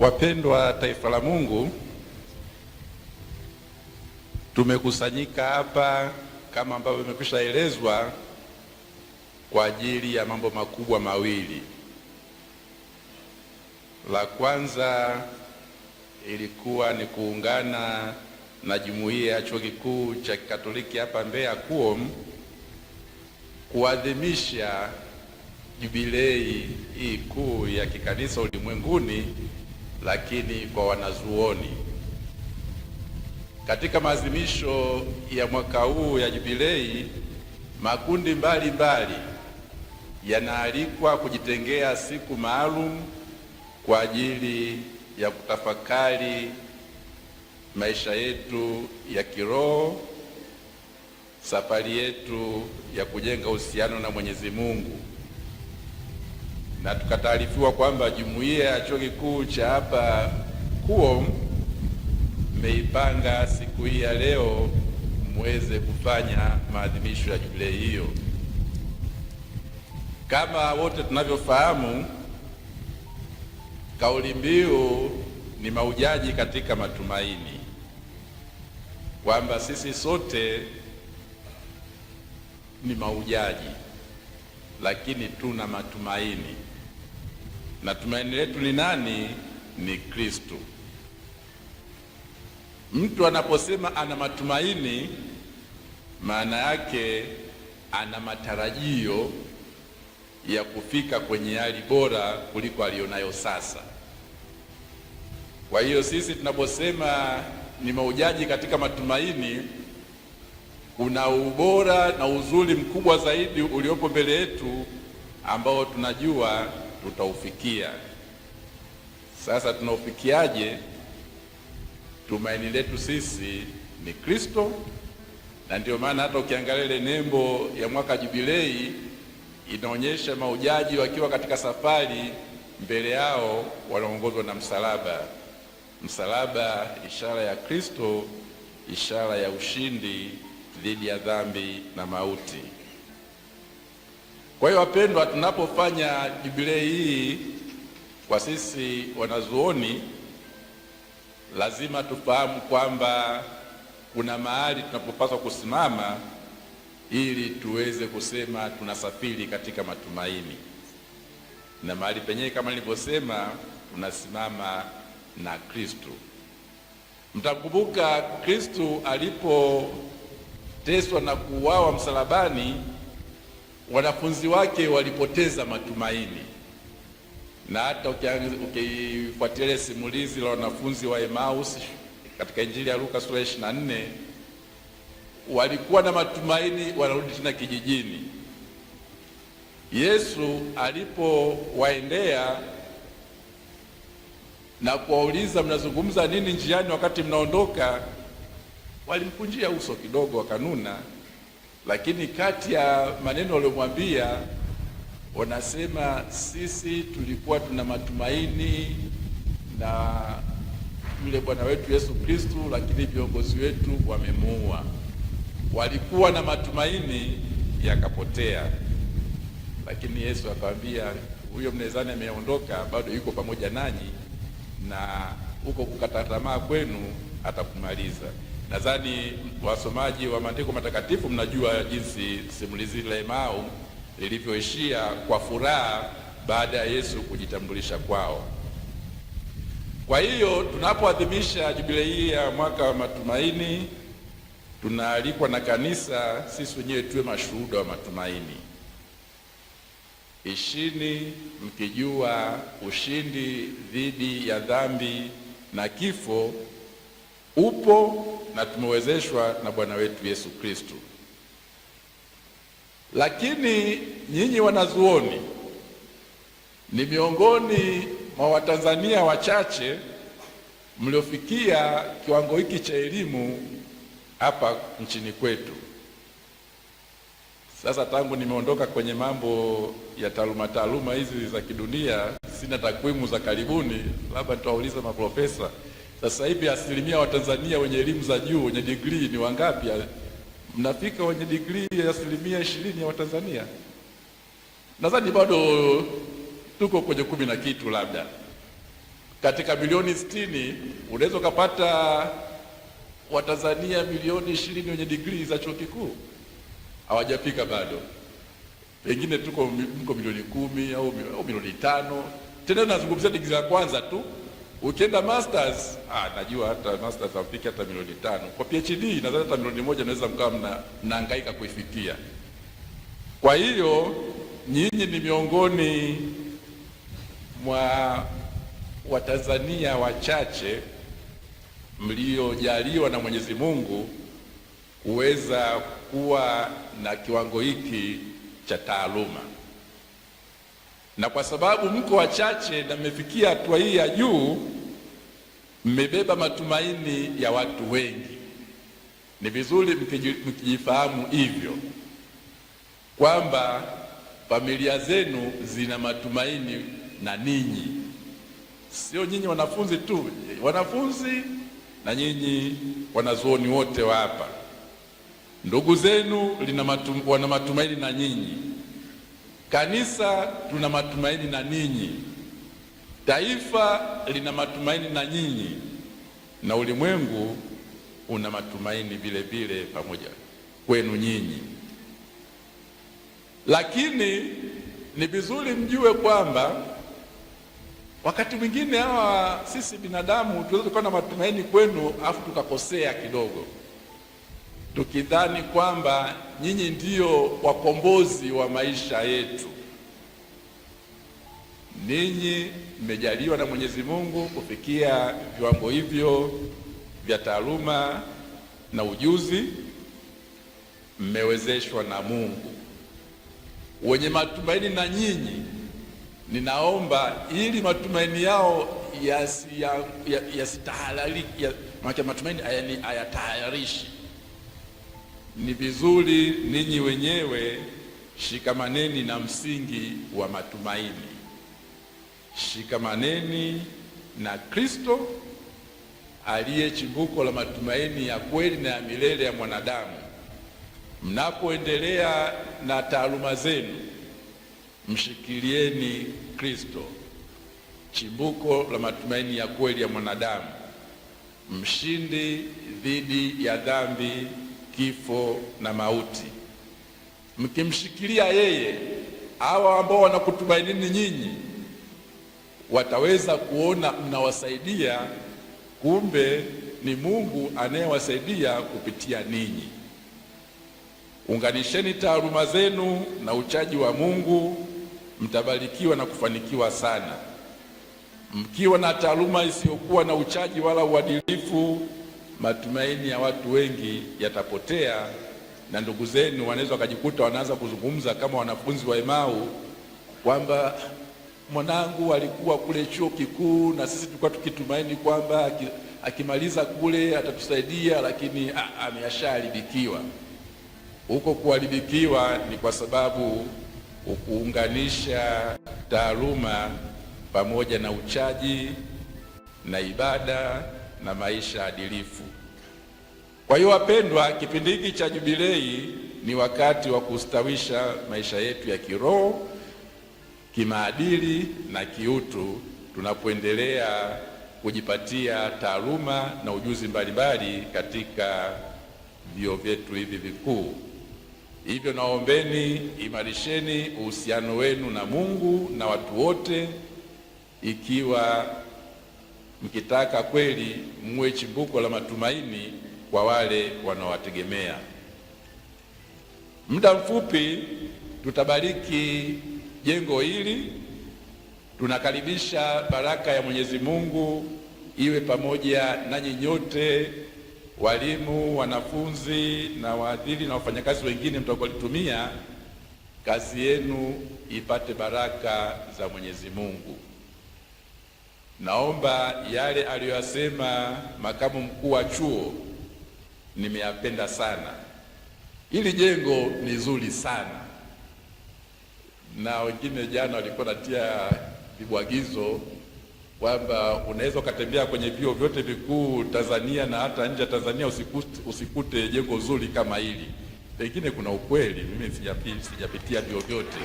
Wapendwa taifa la Mungu, tumekusanyika hapa kama ambavyo imekwishaelezwa elezwa kwa ajili ya mambo makubwa mawili. La kwanza ilikuwa ni kuungana na jumuiya ya chuo kikuu cha Kikatoliki hapa Mbeya KUOM kuadhimisha jubilei hii kuu ya kikanisa ulimwenguni lakini kwa wanazuoni. Katika maadhimisho ya mwaka huu ya jubilei, makundi mbalimbali yanaalikwa kujitengea siku maalum kwa ajili ya kutafakari maisha yetu ya kiroho, safari yetu ya kujenga uhusiano na Mwenyezi Mungu na tukataarifiwa kwamba jumuiya ya chuo kikuu cha hapa KUOM mmeipanga siku hii ya leo muweze kufanya maadhimisho ya jubilei hiyo. Kama wote tunavyofahamu, kauli mbiu ni mahujaji katika matumaini, kwamba sisi sote ni mahujaji, lakini tuna matumaini na tumaini letu ni nani? Ni Kristo. Mtu anaposema ana matumaini, maana yake ana matarajio ya kufika kwenye hali bora kuliko aliyonayo sasa. Kwa hiyo sisi tunaposema ni maujaji katika matumaini, kuna ubora na uzuri mkubwa zaidi uliopo mbele yetu ambao tunajua tutaufikia. Sasa tunaufikiaje? Tumaini letu sisi ni Kristo, na ndio maana hata ukiangalia ile nembo ya mwaka jubilei inaonyesha maujaji wakiwa katika safari, mbele yao wanaongozwa na msalaba. Msalaba ishara ya Kristo, ishara ya ushindi dhidi ya dhambi na mauti. Kwa hiyo wapendwa, tunapofanya jubilei hii kwa sisi wanazuoni, lazima tufahamu kwamba kuna mahali tunapopaswa kusimama ili tuweze kusema tunasafiri katika matumaini, na mahali penyewe kama nilivyosema, tunasimama na Kristo. Mtakumbuka Kristo alipoteswa na kuuawa msalabani wanafunzi wake walipoteza matumaini, na hata ukifuatilia simulizi la wanafunzi wa Emmaus katika Injili ya Luka sura 24 walikuwa na matumaini, wanarudi tena kijijini. Yesu alipowaendea na kuwauliza mnazungumza nini njiani wakati mnaondoka, walimkunjia uso kidogo, wakanuna lakini kati ya maneno waliomwambia wanasema, sisi tulikuwa tuna matumaini na yule Bwana wetu Yesu kristu lakini viongozi wetu wamemuua. Walikuwa na matumaini yakapotea, lakini Yesu akawaambia, huyo mnezani ameondoka, bado yuko pamoja nanyi, na huko kukata tamaa kwenu atakumaliza. Nadhani wasomaji wa maandiko matakatifu mnajua jinsi simulizi la Emau lilivyoishia kwa furaha baada ya Yesu kujitambulisha kwao. Kwa hiyo tunapoadhimisha jubilei ya mwaka wa matumaini, tunaalikwa na kanisa sisi wenyewe tuwe mashuhuda wa matumaini. Ishini mkijua ushindi dhidi ya dhambi na kifo upo na tumewezeshwa na Bwana wetu Yesu Kristo. Lakini nyinyi wanazuoni ni miongoni mwa Watanzania wachache mliofikia kiwango hiki cha elimu hapa nchini kwetu. Sasa tangu nimeondoka kwenye mambo ya taaluma taaluma hizi za kidunia, sina takwimu za karibuni, labda nitawauliza maprofesa. Sasa hivi asilimia Watanzania wenye elimu za juu wenye digrii ni wangapi? Mnafika wenye digrii ya asilimia ishirini ya Watanzania? Nadhani bado tuko kwenye kumi na kitu, labda katika milioni sitini unaweza ukapata Watanzania milioni ishirini wenye digrii za chuo kikuu hawajafika bado, pengine tuko mko milioni kumi au milioni tano. Tena nazungumzia digrii ya kwanza tu. Ukienda masters, ah, najua hata masters hamfiki hata milioni tano. Kwa PhD nadhani hata milioni moja naweza mkawa mna, mnahangaika kuifikia. Kwa hiyo nyinyi ni miongoni mwa Watanzania wachache mliojaliwa na Mwenyezi Mungu kuweza kuwa na kiwango hiki cha taaluma na kwa sababu mko wachache na mmefikia hatua hii ya juu, mmebeba matumaini ya watu wengi. Ni vizuri mkijifahamu hivyo kwamba familia zenu zina matumaini na ninyi, sio nyinyi wanafunzi tu, wanafunzi na nyinyi wanazuoni wote wa hapa, ndugu zenu lina wana matumaini na nyinyi Kanisa, tuna matumaini na ninyi, taifa lina matumaini na nyinyi, na ulimwengu una matumaini vile vile pamoja kwenu nyinyi. Lakini ni vizuri mjue kwamba wakati mwingine hawa sisi binadamu tunaweza tukawa na matumaini kwenu, afu tukakosea kidogo tukidhani kwamba nyinyi ndio wakombozi wa maisha yetu. Ninyi mmejaliwa na Mwenyezi Mungu kufikia viwango hivyo vya taaluma na ujuzi, mmewezeshwa na Mungu. Wenye matumaini na nyinyi, ninaomba ili matumaini yao yasitaharariki, ya, ya, ya, matumaini hayatahayarishi ni vizuri ninyi wenyewe shikamaneni na msingi wa matumaini, shikamaneni na Kristo aliye chimbuko la matumaini ya kweli na ya milele ya mwanadamu. Mnapoendelea na taaluma zenu, mshikilieni Kristo, chimbuko la matumaini ya kweli ya mwanadamu, mshindi dhidi ya dhambi kifo na mauti. Mkimshikilia yeye, hawa ambao wanakutumainini nyinyi wataweza kuona mnawasaidia, kumbe ni Mungu anayewasaidia kupitia ninyi. Unganisheni taaluma zenu na uchaji wa Mungu, mtabarikiwa na kufanikiwa sana. Mkiwa na taaluma isiyokuwa na uchaji wala uadilifu matumaini ya watu wengi yatapotea, na ndugu zenu wanaweza wakajikuta wanaanza kuzungumza kama wanafunzi wa Emau kwamba mwanangu alikuwa kule chuo kikuu na sisi tulikuwa tukitumaini kwamba akimaliza kule atatusaidia, lakini ameshaharibikiwa. Huko kuharibikiwa ni kwa sababu ukuunganisha taaluma pamoja na uchaji na ibada na maisha adilifu. Kwa hiyo wapendwa, kipindi hiki cha jubilei ni wakati wa kustawisha maisha yetu ya kiroho, kimaadili na kiutu, tunapoendelea kujipatia taaluma na ujuzi mbalimbali katika vyuo vyetu hivi vikuu. Hivyo naombeni, imarisheni uhusiano wenu na Mungu na watu wote ikiwa mkitaka kweli mwe chimbuko la matumaini kwa wale wanaowategemea. Muda mfupi tutabariki jengo hili. Tunakaribisha baraka ya Mwenyezi Mungu iwe pamoja nanyi nyote, walimu, wanafunzi na waadhiri na wafanyakazi wengine mtakaolitumia. Kazi yenu ipate baraka za Mwenyezi Mungu. Naomba yale aliyoyasema makamu mkuu wa chuo nimeyapenda sana. Hili jengo ni zuri sana, na wengine jana walikuwa natia vibwagizo kwamba unaweza ukatembea kwenye vyuo vyote vikuu Tanzania na hata nje ya Tanzania usikute, usikute jengo zuri kama hili. Pengine kuna ukweli, mimi sijapitia vyuo vyote,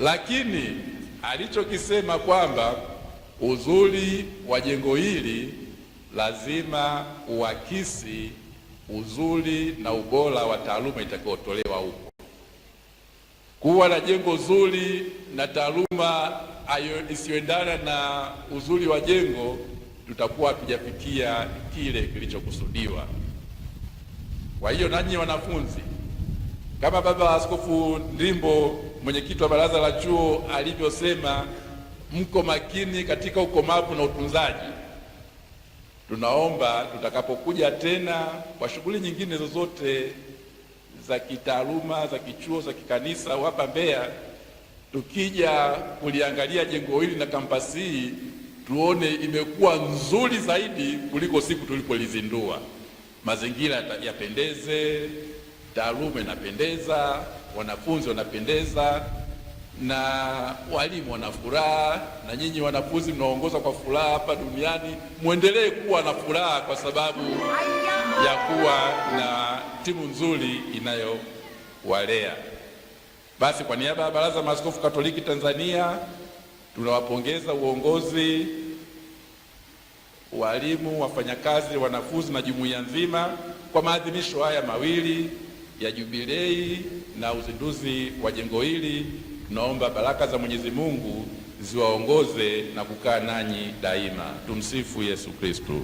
lakini alichokisema kwamba uzuri wa jengo hili lazima uakisi uzuri na ubora wa taaluma itakayotolewa huko. Kuwa na jengo zuri na taaluma isiyoendana na uzuri wa jengo, tutakuwa hatujafikia kile kilichokusudiwa. Kwa hiyo, nanyi wanafunzi, kama Baba Askofu Ndimbo mwenyekiti wa baraza la chuo alivyosema, mko makini katika ukomavu na utunzaji. Tunaomba tutakapokuja tena kwa shughuli nyingine zozote za kitaaluma za kichuo za kikanisa hapa Mbeya, tukija kuliangalia jengo hili na kampasi hii tuone imekuwa nzuri zaidi kuliko siku tulipolizindua. Mazingira yapendeze, taaluma inapendeza wanafunzi wanapendeza na walimu wana furaha, na nyinyi wanafunzi mnaongoza kwa furaha hapa duniani. Mwendelee kuwa na furaha kwa sababu ya kuwa na timu nzuri inayowalea. Basi kwa niaba ya Baraza la Maaskofu Katoliki Tanzania tunawapongeza uongozi, walimu, wafanyakazi, wanafunzi na jumuiya nzima kwa maadhimisho haya mawili ya jubilei na uzinduzi wa jengo hili, tunaomba baraka za Mwenyezi Mungu ziwaongoze na kukaa nanyi daima. Tumsifu Yesu Kristo.